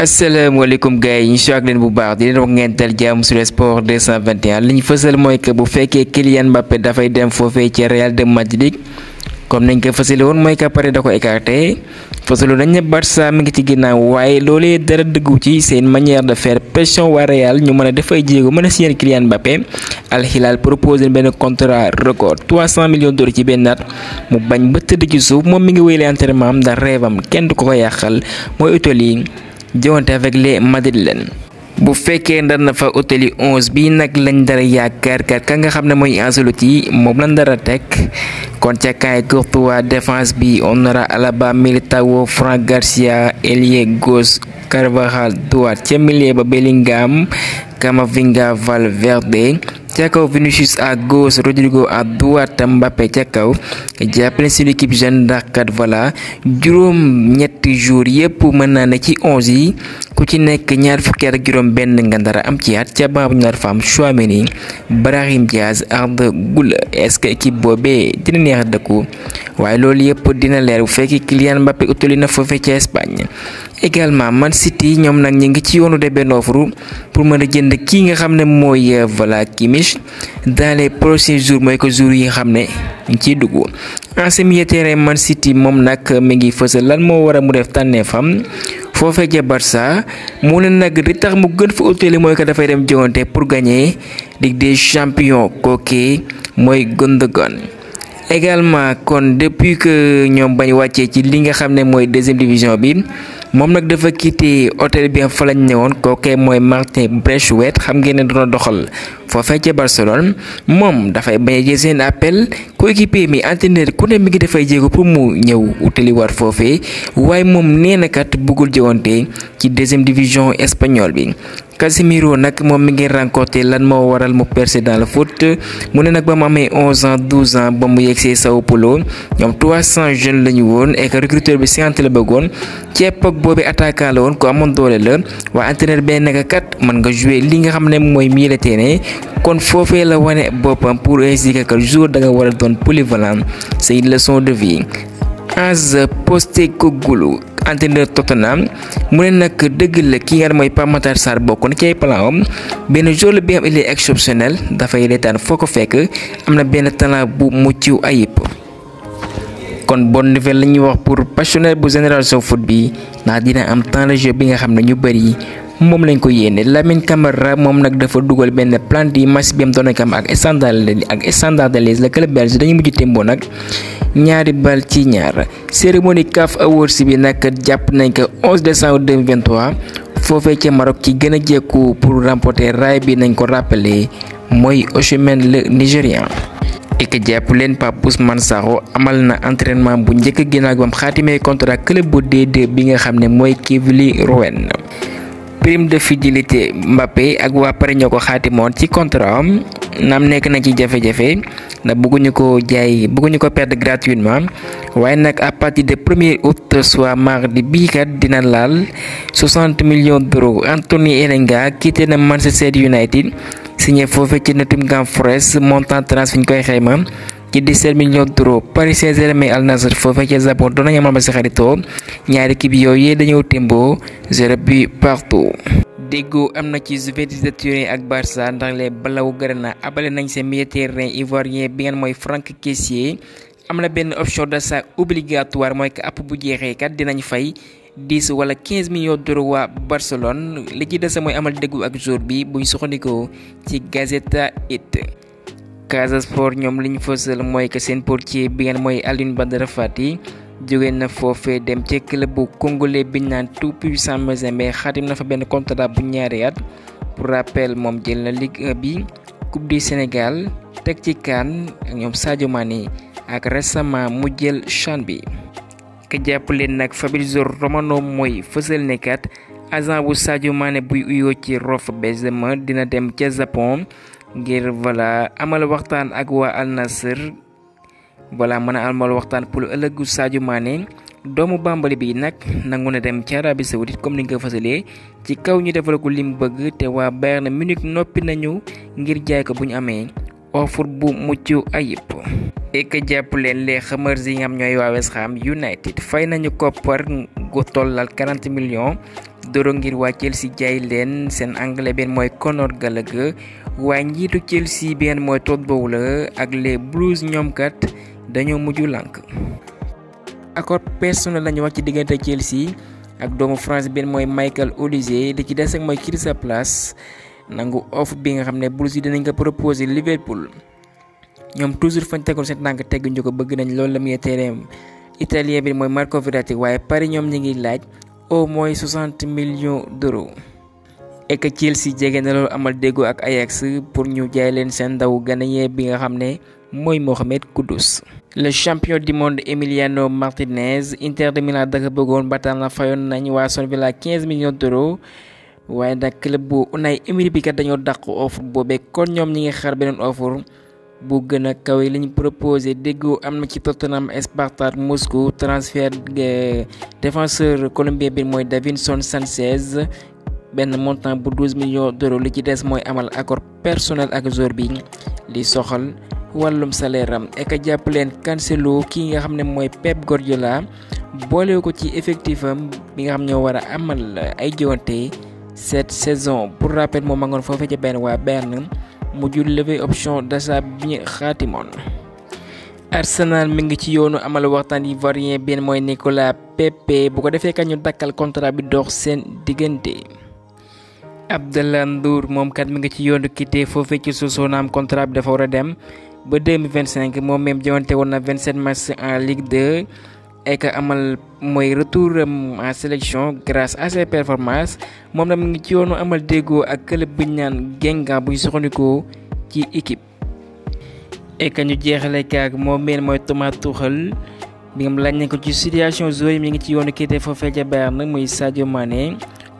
asalaamaaleykum gars yi ñu si ak leen bu baax di leen wax ngeen dal jàmm sur sport 221 li ñu fësal mooy que bu fekkee Kylian Mbappé dafay dem foofee ci Real de Madrid comme nañ ko fësale woon mooy que Paris da ko écarté fësalu nañ ne Barça mi ngi ci ginnaaw waaye loolee dara dëggu ci seen manière de faire pression waa Real ñu mën a def ay jéego mën a signer Kylian Mbappé Al Hilal proposé benn contrat record 300 millions d'euros ci benn at mu bañ ba tëdd ci suuf moom mi ngi wéyale entraînement am ndax rêve kenn du ko ko jëwante avec les Madrilènes bu fekkee ndar na fa hôtel yi bi nag lañ dara yaakaar kat ka nga xam ne mooy Ancelotti moom lañ dara teg kon ca kaay Courtois défense bi on aura Alaba Militao Fran Garcia ailier gauche Carvajal droite ca milieu ba Bellingham Camavinga Valverde ca kaw Vinicius à gauche Rodrigo à droite Mbappé ca kaw jàppale seen équipe jeune ndax kat voilà juróom ñetti jours yépp mën naa ne ci onze yi ku ci nekk ñaar fukki at ak juróom benn nga dara am ci at ca ban bu ñu naar fa am Tchouaméni Brahim Diaz Arda Güler est-ce que équipe boobee dina neex dëkku waaye loolu yépp dina leer bu fekk Kylian Mbappé utali na foofee ca Espagne également Man City ñoom nag ñu ngi ci yoonu de benn offre pour mën a jënd kii nga xam ne mooy euh, voilà Kimmich dans les prochains jours mooy ko jours yi nga xam ne ñu dugg. ancien milieu Man City moom nag mi ngi fësal lan moo war a mu def tànneefam foofee ca Barça mu ne nag di tax mu gën fa utile mooy ko dafay dem joŋante pour gagner Ligue des champions kooku mooy Gundogan kon depuis que ñoom bañ wàccee ci li nga xam ne mooy deuxième division bi. moom nag dafa quitté hôtel bi fa lañ newoon kookee mooy Martin Brechwaite xam ngeen ne doona doxal foofee ca Barcelone moom dafay bañ a jël seen appel coéquipier mi entraîneur ku ne mi ngi dafay jéego pour mu ñëw utaliwaat foofee waaye moom nee na kat bëggul jogante ci deuxième division espagnole bi. Casemiro nag moom mi ngi rencontré lan moo waral mu percé dans le foot mu ne nag ba mu amee 11 ans 12 ans ba mu yegsee Sao Paulo ñoom 300 jeunes la ñu woon et que recruteur bi 50 la bëggoon ci époque boobu attaquant la woon ku amoon doole la waa entraîneur benn nag nga li nga xam ne mooy milieu de kon foofee la wane boppam pour expliquer que jour da nga war a doon polyvalent say leçon de vie Ange Postecoglou entraîneur Tottenham mu ne nag dëgg la ki nga xam mooy Pape Matar Sarr bokk na ci ay benn joueur la bi nga xam exceptionnel dafay reetaan foo ko fekk am na benn talent bu mucc ayib. kon bon nouvelle la ñuy wax pour passionné bu génération foot bi ndax dina am temps de jeu bi nga xam ne ñu bëri. moom lañ ko yéene Lamine Camara moom nag dafa dugal benn plante yi match bi am doon ak am ak Standard ak Standard Liège le club belge dañu mujj témboo nag ñaari bal ci ñaar cérémonie CAF Awards bi nag jàpp nañ ko 11 décembre 2023 foofee ca Maroc ci gën a jekku pour remporter raay bi nañ ko rappeler mooy Osimhen le Nigérian. ek jàpp leen Pape Ousmane Sakho amal na entrainement bu njëkk ginnaaw bam xaatimee contrat club bu D2 bi nga xam ne mooy Kivli Rouen. prime de fidélité Mbappé ak waa Paris ñoo ko xaatimoon ci contre am naam nekk nañ ci jafe-jafe ndax bëgguñu ko jaay bëgguñu ko perdre gratuitement waaye nag à partir de premier août soit mardi bii kat dina laal 60 millions d'euros Anthony Elanga kiite na Manchester United signé foofee ci Nottingham Forest montant transfert ñu koy xayma. ci 17 millions d'euros Paris Saint-Germain Al Nassr foofee ca Japon doon amal ba si xaritoo ñaari équipe yooyu dañoo témboo zéro but partout. déggoo am na ci Juventus de Turin ak Barça ndax les Blaugrana abale nañ seen milieu terrain ivoirien bi ngeen mooy Franck Kessié am na benn option d'achat obligatoire mooy que app bu jeexee kat dinañ fay. 10 wala 15 millions d'euros waa Barcelone li ci dese mooy amal déggu ak jour bi buñ soxandikoo ci Gazzetta It Casa Sport ñoom li ñu fësal mooy que seen portier bi ngeen mooy Alioune Badara Fati jóge na foofee dem ci club bu congolais biñ naan tout puissant Mazembe xaatim na fa benn contrat bu ñaari at pour rappel moom jël na Ligue bi Coupe du Sénégal teg ci CAN ak ñoom Sadio Mané ak récemment mu jël CHAN bi. ka jàppale nag Fabrizio Romano mooy fësal ne agent bu Sadio Mané buy uyoo ci Rof Benzema dina dem ca Japon. ngir voilà amal waxtaan ak waa Al Nassr voilà mën a amal waxtaan pour ëllëgu Sadio Mané doomu bàmbali bii nag nangu na dem ci Arabie Saoudite comme ni nga ko fasalee ci kaw ñu defal ko li mu bëgg te waa na Munich noppi nañu ngir jaay ko bu ñu amee offre bu mucc ayib. ek jàpp leen les Hammers yi nga ñooy waa West Ham United fay nañu koppar gu tollal 40 millions. doro ngir waa Chelsea jaay leen seen anglais benn mooy Conor Gallagher waaye njiitu Chelsea benn mooy Todd la ak les Blues ñoom kat dañoo mujj lànk. accord personnel lañu wax ci diggante Chelsea ak doomu France benn mooy Michael Olise li ci des ak mooy Crystal place nangu offre bi nga xam ne Blues yi dinañ ko proposé Liverpool. ñoom toujours fañ tegoon seen tànk tegguñu ko bëgg nañ loolu la muy terrain italien bi mooy Marco Verratti waaye Paris ñoom ñi ngi laaj au moins soixante millions d'euros. et que Chelsea jege na loolu amal déggoo ak Ajax pour ñu jaay leen seen ndaw ganañee bi nga xam ne mooy Mohamed Kudus. le champion du monde Emiliano Martinez Inter de Milan daka bëggoon ba tax na fayoon nañ waa Aston Villa 15 millions d'euros waaye nag club bu Unai Emery bi kat dañoo dàq offre boobee kon ñoom ñi ngi xaar beneen offre. bu gën a kawe ñu proposé déggoo am na ci Tottenham Spartak Moscou transfert défenseur colombien bi mooy Davinson Sanchez benn montant bu 12 millions d'euros li ci des mooy amal accord personnel ak joueur bi li soxal wàllum salaire am ek jàppaleen Cancelo ki nga xam ne mooy Pep Guardiola boole ko ci effectif am bi nga xam ñoo war a amal ay jiwante cette saison pour rappel moom ma ngoon foofee ca benn waa Berne mujjul lever option d'achat bi ñu xaatimoon. Arsenal mi ngi ci yoonu amal waxtaan ivoirien benn mooy Nicolas Pepe bu ko defee kat ñu dakkal contrat bi dox seen diggante. Abdallah Ndour moom kat mi ngi ci yoonu quitté foofee ci suuf contrat bi dafa war a dem ba 2025 moom même jëwante woon na 27 matchs en Ligue 2. ek amal mooy retour en sélection grâce à ses performances moom la mu ngi ci yoonu amal déggoo ak club bi ñu naan Guingamp buy soxandikoo ci équipe. ek ñu jeexale kaag moom meen mooy Thomas Tuchel bi nga lañ ne ko ci situation joueur mi ngi ci yoonu kii te foofee ca Bayern muy Sadio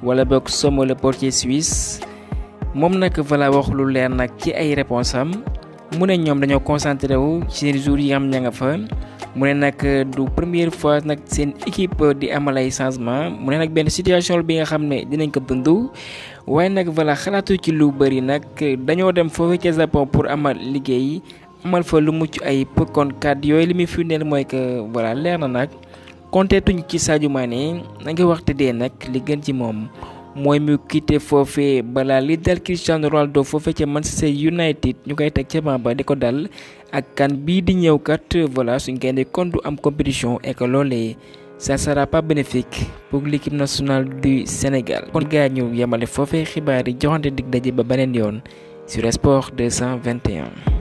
wala boog Sommer le portier suisse moom nag voilà wax lu leer nag ki ay réponse mu ne ñoom dañoo concentré wu ci seen jours yi am ña nga fa. mu ne nag euh, du première fois nag seen équipe euh, di amal ay changement mu ne nag benn situation bi nga xam ne dinañ ko dund waaye nag voilà xalaatu ci lu bëri nag dañoo dem foofu ca Japon pour amal liggéey amal fa lu mucc ay kon kàddu yooyu li muy firndeel mooy que voilà leer na nag konteetuñu ci Sadio Mané na nga waxte dee nag li gën ci moom. mooy mu quitté foofee la li Ronaldo foofee ca Manchester United ñu koy teg ca di ko dal ak kan bii di kat voilà kon du compétition et que ça sera pas bénéfique pour l'équipe nationale du Sénégal. kon sur Sport 221.